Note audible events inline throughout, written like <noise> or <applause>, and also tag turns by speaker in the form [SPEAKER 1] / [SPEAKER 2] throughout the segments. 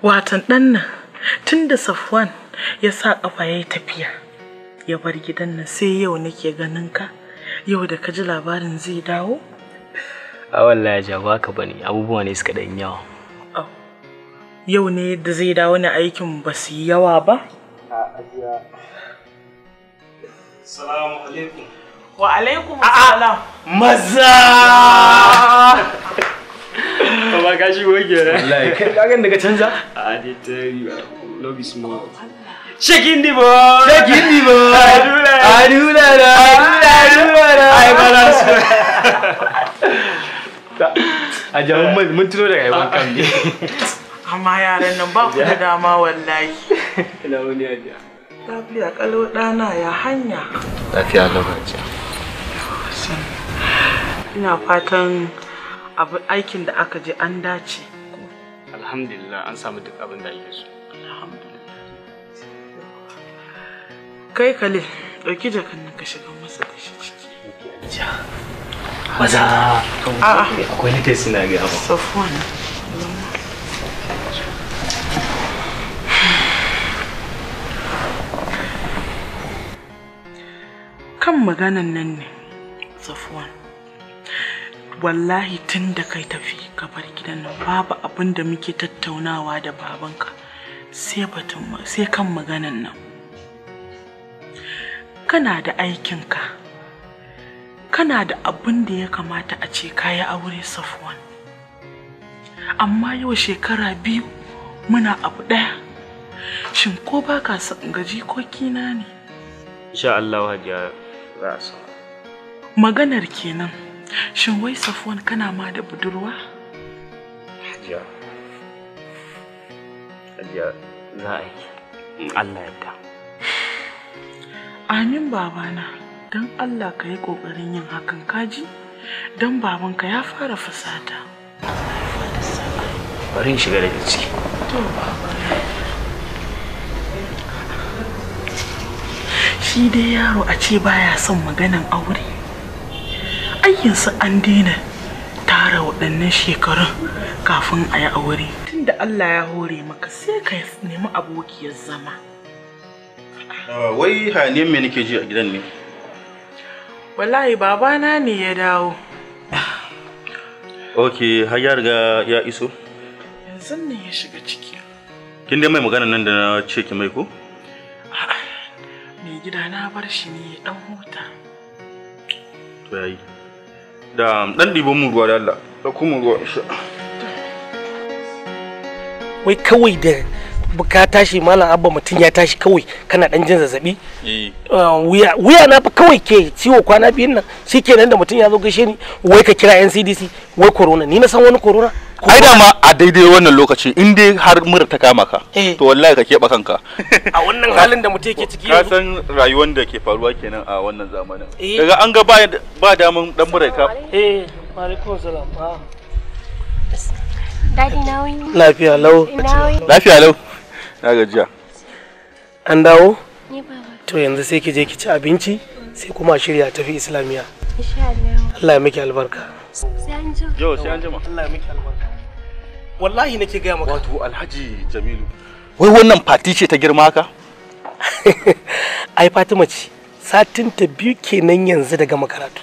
[SPEAKER 1] watan dan nan tun da safwan ya sa ƙafa ya yi tafiya ya bar gidan nan sai yau nake ganin ka yau da ka ji labarin zai dawo
[SPEAKER 2] a wallahi ja ba ka bane abubuwa ne suka ɗan yawa
[SPEAKER 1] yau ne da zai dawo ne aikin ba su yi yawa ba salamu alaikum wa alaikum salam
[SPEAKER 2] maza Amma ka shigo kenan. Wallahi kai ka gani daga canza? A ta tell you love is more. Shaking the ball. Shaking the ball. A jamu mun tuno daga yawan kan ne.
[SPEAKER 1] Amma yaran nan ba ku da dama wallahi.
[SPEAKER 2] Ina wani ajiya.
[SPEAKER 1] Lafiya kalau ɗana ya hanya. Lafiya lau Ina fatan abu aikin da aka je an dace
[SPEAKER 2] alhamdulillah an samu duk abin da ake so
[SPEAKER 1] kai kale ɗauki jakan nan ka shiga masa da shi ciki maza akwai ne tesi na gaba safuwan kan maganan nan ne safuwan wallahi tun da kai tafi ka bar gidan nan babu abin da muke tattaunawa da babanka sai batun sai kan maganan nan kana da aikinka kana da abin da ya kamata a ce kayi aure safwan amma yau shekara biyu muna abu ɗaya shin ko ba ka ga jikokina ne
[SPEAKER 2] insha Allah hajiya za
[SPEAKER 1] maganar kenan Shin wai Safwan kana ma da budurwa?
[SPEAKER 2] Hajiya. Hajiya za a yi in Allah
[SPEAKER 1] Amin babana, don Allah ka yi ƙoƙarin yin hakan kaji, don babanka ya fara fasata.
[SPEAKER 2] Bari in shiga daga ciki.
[SPEAKER 1] To babana. Shi dai yaro a ce baya son maganan aure. ayyansu an daina tara waɗannan shekarun kafin a yi aure tun da Allah ya hore maka sai ka nemi abokiyar zama
[SPEAKER 3] ah, wai haniyar me nake ji a gidan ne
[SPEAKER 1] wallahi babana ne ya dawo
[SPEAKER 3] ok har ya riga ya iso
[SPEAKER 1] yanzu ne ya shiga ciki
[SPEAKER 3] kin dai mai magana nan da na ce ki mai ko
[SPEAKER 1] mai gida na bar shi ne ɗan huta
[SPEAKER 3] to yayi da dan dibon mu ruwa da Allah da kuma ruwa insha
[SPEAKER 4] wai kawai da ka tashi malam abba mutum ya tashi kawai kana dan jin zazzabi eh. ah, wuya na fa kawai ke ciwo kwana biyun nan shikenan da mutum ya zo gaishe ni wai ka kira NCDC wai corona ni na san wani corona
[SPEAKER 3] ai da ma a daidai wannan lokaci in dai har mura ta kama ka eh. to wallahi ka keɓa kanka <laughs> a wannan halin da mutum yake ciki ka san rayuwar da ke faruwa kenan a wannan zamanin eh. daga an ga ba daman dan mura ka eh
[SPEAKER 4] alaikum salam ah. Daddy Lafiya lau. Lafiya lau.
[SPEAKER 3] Na gajiya. An dawo?
[SPEAKER 4] To yanzu sai ki je ki ci abinci sai kuma shirya tafi Islamiya.
[SPEAKER 1] Allah. Allah ya miki
[SPEAKER 3] albarka. Sai an jima. Yau sai an jima. Allah ya miki albarka. wallahi nake gaya maka wato alhaji jamilu wai wannan fati ce ta girma ka
[SPEAKER 4] <laughs> ai fatima ce satin ta biyu kenan yanzu daga makaratu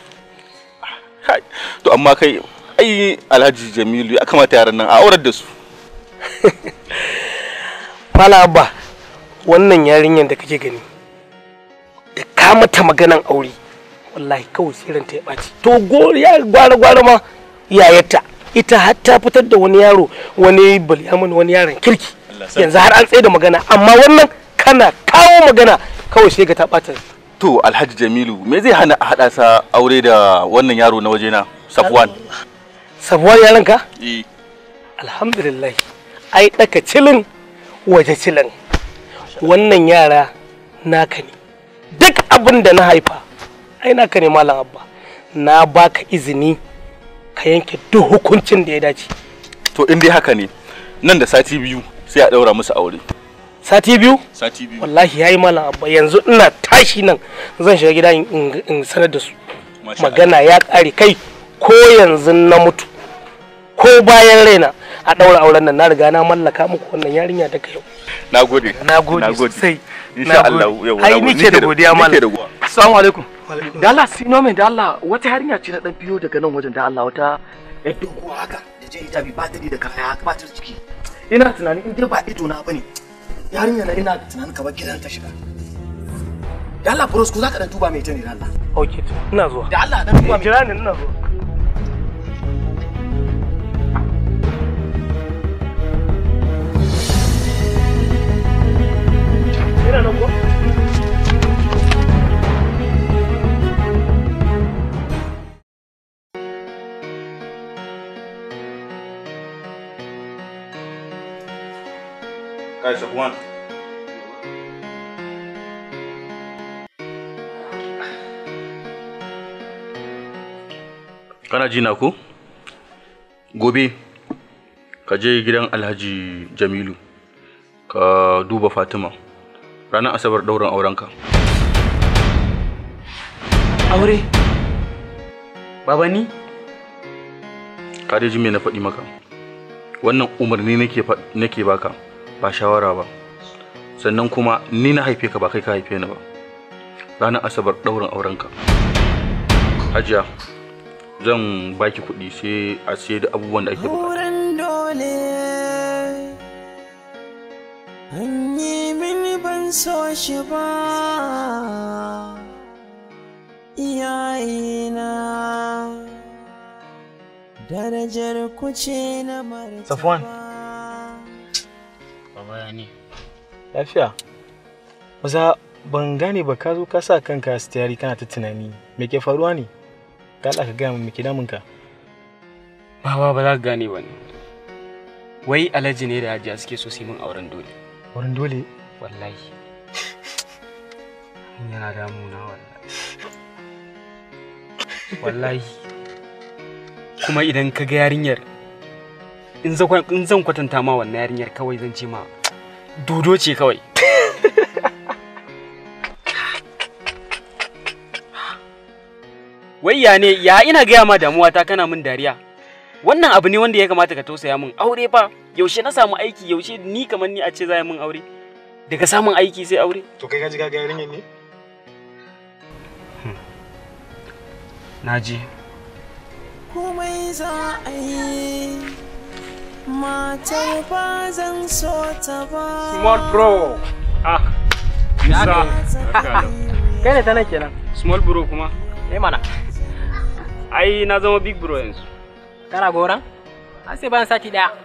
[SPEAKER 3] to amma kai ai alhaji jamilu ya kamata yaran nan a aurar da su fala <laughs> ba wannan yarinyar da kake gani
[SPEAKER 4] da ka mata maganan aure wallahi kawai siranta ya ɓaci to ya gwara gwara ma yayarta ita har ta fitar da wani yaro wani balyamin wani yaron kirki yanzu har an tsaye da magana amma wannan kana kawo magana kawai sai ga ta bata
[SPEAKER 3] to alhaji jamilu me zai hana hada sa aure da wannan yaro na wajena safwan
[SPEAKER 4] safwan yaron ka eh alhamdulillah ai daka cilin waje cilin wannan yara naka ne duk abin da na haifa ai naka ne malam abba na baka izini ka yanke duk hukuncin da ya dace
[SPEAKER 3] to in dai haka ne nan da sati biyu sai a daura musu aure
[SPEAKER 4] sati biyu sati biyu wallahi yayi malam abba yanzu ina tashi nan zan shiga gida in sanar da su magana ya kare kai ko yanzu na mutu ko bayan raina a daura auren nan na riga na mallaka muku wannan yarinya ta kai
[SPEAKER 3] nagode nagode sosai insha Allah yau ai nike da godiya malam
[SPEAKER 4] Assalamu alaikum. Da Allah sino mai da Allah wata yarinya ce na dan biyo daga nan wajen da Allah wata ya ko haka da je hijabi ba ta da kaya ka ba ta ciki. Ina tunanin in dai ba ido na bane. Yarinya na ina tunanin ka ba gidan ta shiga. Da Allah bros ku zaka dan duba mai tani da Allah. Okay, ina zuwa. Da Allah dan tuba eh, mai. Jira ni ina zuwa.
[SPEAKER 3] Safwan. Kana ji na ko? Gobe ka je gidan Alhaji Jamilu ka duba Fatima ranar Asabar ɗaurin aurenka. Aure? baba Ka ji me na faɗi maka. Wannan umarni nake baka. ba shawara ba sannan kuma ni na haife ka ba kai ka haife ni ba ranar asabar ɗaurin aurenka hajiya zan baki kuɗi sai a sai da abubuwan da ake dole
[SPEAKER 1] Hanyi min ban so shi ba iyayena darajar kuce na mara
[SPEAKER 3] Safwan
[SPEAKER 2] ne
[SPEAKER 1] lafiya maza
[SPEAKER 2] ban gane ba ka zo ka sa kanka stiyari kana ta tunani me ke faruwa ne ka ka gaya min me ke ka. ba ba za ka gane ba ne wai alhaji ne da hajiya suke so su yi min auren dole auren dole wallahi yana damuna wallahi wallahi kuma idan ka ga yarinyar in zan kwatanta ma wannan yarinyar kawai zan ce ma dodo ce kawai wai ya ne ya ina gaya ma damuwa ta kana min dariya wannan abu ne wanda ya kamata ka tausaya min aure fa yaushe na samu aiki yaushe ni kamar ni a ce za min aure daga samun aiki sai aure to kai kaji kaga yarinyar ne hmm. naji komai za
[SPEAKER 1] a yi matar ba zan so ta ba
[SPEAKER 2] small bro ah isa kai small bro kuma eh mana ai na zama big bro yanzu kana goran sai sati daya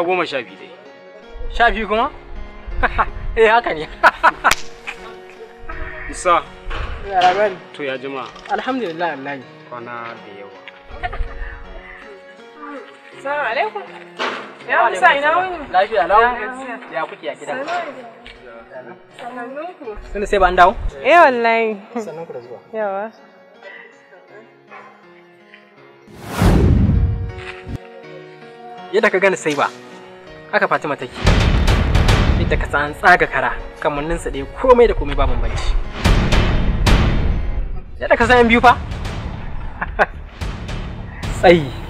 [SPEAKER 2] goma sha biyu dai sha biyu kuma <laughs> eh haka <laughs> isa alhamdulillah Allah. kwana da
[SPEAKER 1] Assalamu a gidan? Sannan sai ba dawo? Eh wallahi.
[SPEAKER 2] Yadda ka gane sai ba, haka Fatima take. Yadda ka san tsaga kara, kamanninsa ɗaya komai da komai ba bambanci. Yadda ka san biyu fa? <laughs> Tsayi.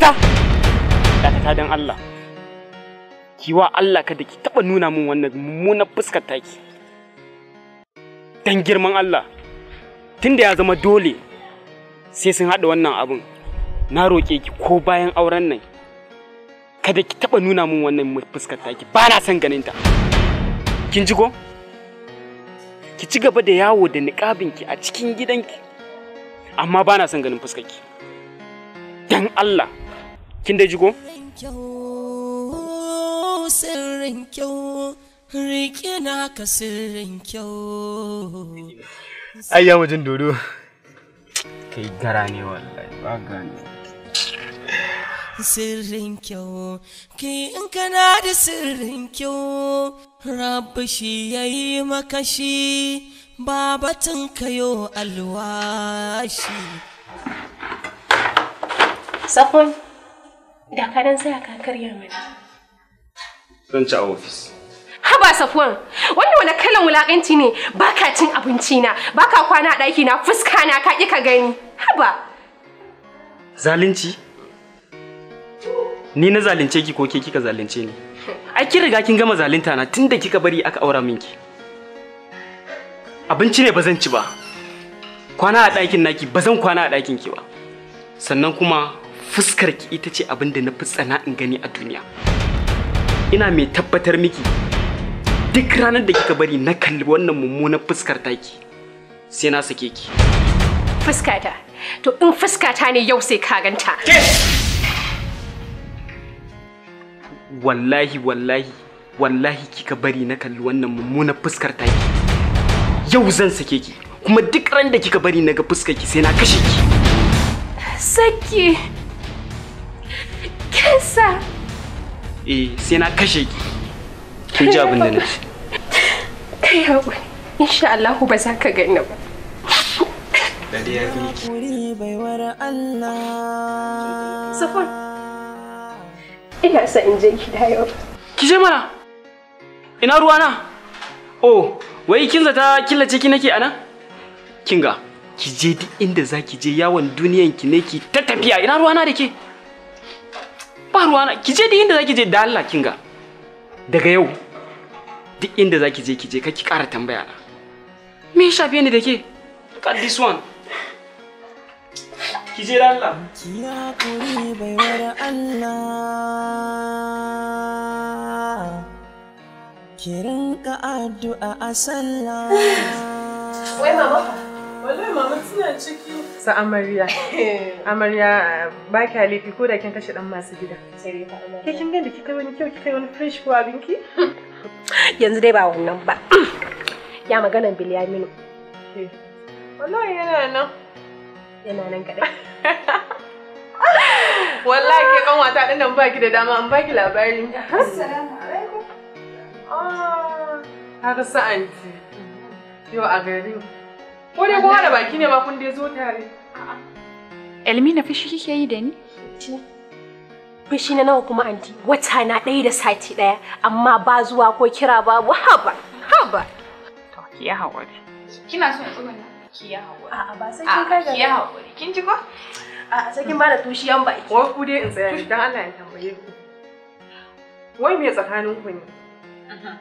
[SPEAKER 2] ta dakata don Allah kiwa Allah kada ki taba nuna min wannan mummunan fuskar taki dan girman Allah tunda ya zama dole sai sun haɗa wannan abun na roƙe ki ko bayan auren nan kada ki taba nuna min wannan fuskar taki ba na son ganin ta kin ji ko ki ci gaba da yawo da ki a cikin gidanki amma ba na son ganin ki dan Allah kin dai jigo sirrin kyau
[SPEAKER 4] rike na ka sirrin kyau
[SPEAKER 2] ai ya mujin dodo kai gara ne wallahi ba gani
[SPEAKER 4] sirrin kyau ki in kana da sirrin kyau rabu shi yayi maka shi babatun kayo
[SPEAKER 2] alwashi safon Da ka dan tsaya ka karya mana. Zan ci a ofis. Haba Safwan, wannan wani kalan wulakanci ne ba ka cin abinci na, ba ka kwana
[SPEAKER 4] a ɗaki na fuska na ka ƙi ka gani. Haba.
[SPEAKER 2] Zalunci? Ni na zalunce ki ko ke kika zalunce ni? Ai kin riga kin gama zalunta na tunda kika bari aka aura minki. Abinci ne ba zan ci ba. Kwana a ɗakin naki ba zan kwana a ɗakin ki ba. Sannan kuma fuskar ki ita ce abin da na fi tsana in gani a duniya ina mai tabbatar miki duk ranar da kika bari na kalli wannan mummunan fuskar taki sai na sake ki fuskata to in fuskata ne yau sai ka ganta wallahi wallahi wallahi kika bari na kalli wannan mummunan fuskar taki yau zan sake ki kuma duk ran da kika bari na ga fuskar ki sai na kashe ki saki kesa eh sai na kashe ki kin ji abin da na ce <laughs> kai haƙuri insha Allah ba za ka gani ba Wuri Safon, ina sa in je gida yau. Ki je mana, ina ruwana? Oh, wai kin zata killace ki nake anan? Kinga, ki je duk inda za ki je yawon duniyan ki ne ki ta tafiya ina ruwana da ke? ba ruwana ki je duk inda zaki je da Allah kinga daga yau duk inda zaki je ki je ki ƙara tambaya na me ya shafe ni da ke cut this one ki je da Allah ki bai
[SPEAKER 1] wara Allah ki rinka addu'a a sallah wai mama Wale mama suna ciki. Sa amarya. <laughs> Amarya ba ko da kin kashe dan masu gida. Ke kin ganda kika
[SPEAKER 4] <laughs> Yanzu dai ba wannan ba. <clears throat> Ya maganan
[SPEAKER 1] Wallahi yana nan. Yana nan kaɗai. <laughs> Wallahi ke kan wata baki da dama an baki labarin. Assalamu Ah, har Yau a garin. Ko dai
[SPEAKER 2] kowa da baki ne ma kun dai zo tare. Elmina fushi kike yi da ni? Fushi na nawa kuma anti wata na ɗaya da sati ɗaya amma ba zuwa ko kira babu haba haba. To ki ya haƙuri. Kina so in na? Ki ya haƙuri. A'a ba sai kin kai ga. Ki ya haƙuri. Kin ji ko? A'a sai kin bada an baki. Wai ku dai in tsaya ni dan Allah ya tambaye ku. Wai me tsakanin ku ne? Mhm.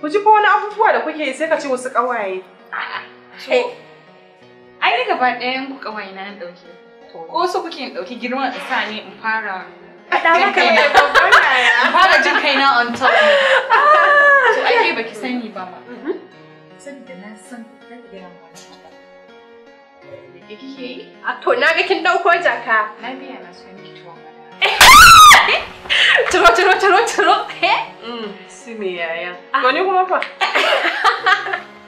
[SPEAKER 2] Ku ji ko wani abubuwa da kuke yi sai ka ce wasu ƙawaye.
[SPEAKER 1] Ai ni gaba ɗaya ku kawai na ɗauki. Ko su kuke ɗauki girman isa ne in fara Ɗan kaina. In fara jin kaina on top. To ba baki sani ba ma. Mm-hmm. Saboda na san zan ba. da kike yi? To na ga kin ɗauko jaka. Na biya na so miki tuwon <laughs> Turo turo turo turo. Eh? Mm, su me yaya.
[SPEAKER 2] Ah. To kuma fa. <laughs>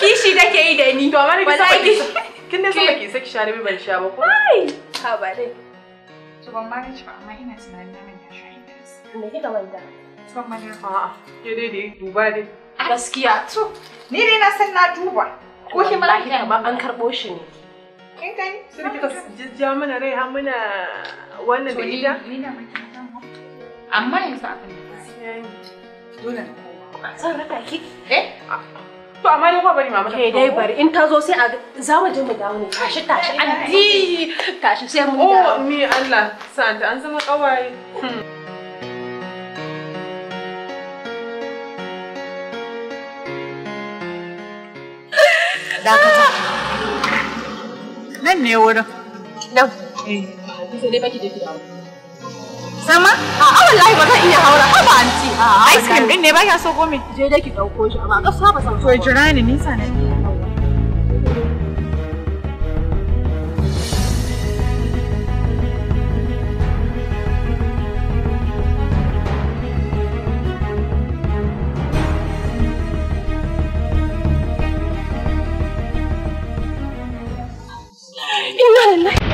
[SPEAKER 2] kishi take yi da ni to amma
[SPEAKER 4] ki saba
[SPEAKER 1] ki kin ne saba ki saki share mai ban sha ba ko ai ha ba dai to ban ma ci ba amma ina tunanin na manta shi me kika manta ban manta a a ke dai dai duba dai gaskiya to ni ne na san na duba ko shi ma kika ba an karbo shi ne kin gani sai kika jijja mana rai har muna wannan da ida ni na amma yanzu abin da sai dole na koma zan raka ki eh To amma dai kwa bari mama ta dai bari in ta zo sai a za mu je mu dawo ne tashi tashi anti tashi sai mu oh, dawo. Oh mi Allah santa an zama kawai hmm. Dakata. Nan ne wurin. Nan. Eh. Sai dai baki je ki dawo. Sama? A'a ah, ah, wallahi ba zan iya haura haba anti. Ah, Ice cream din ne
[SPEAKER 2] ba
[SPEAKER 4] ya so
[SPEAKER 3] ko me? Je dai ki dauko shi amma gaskiya ba san. To jira ni nisa na biyu. Ina lillahi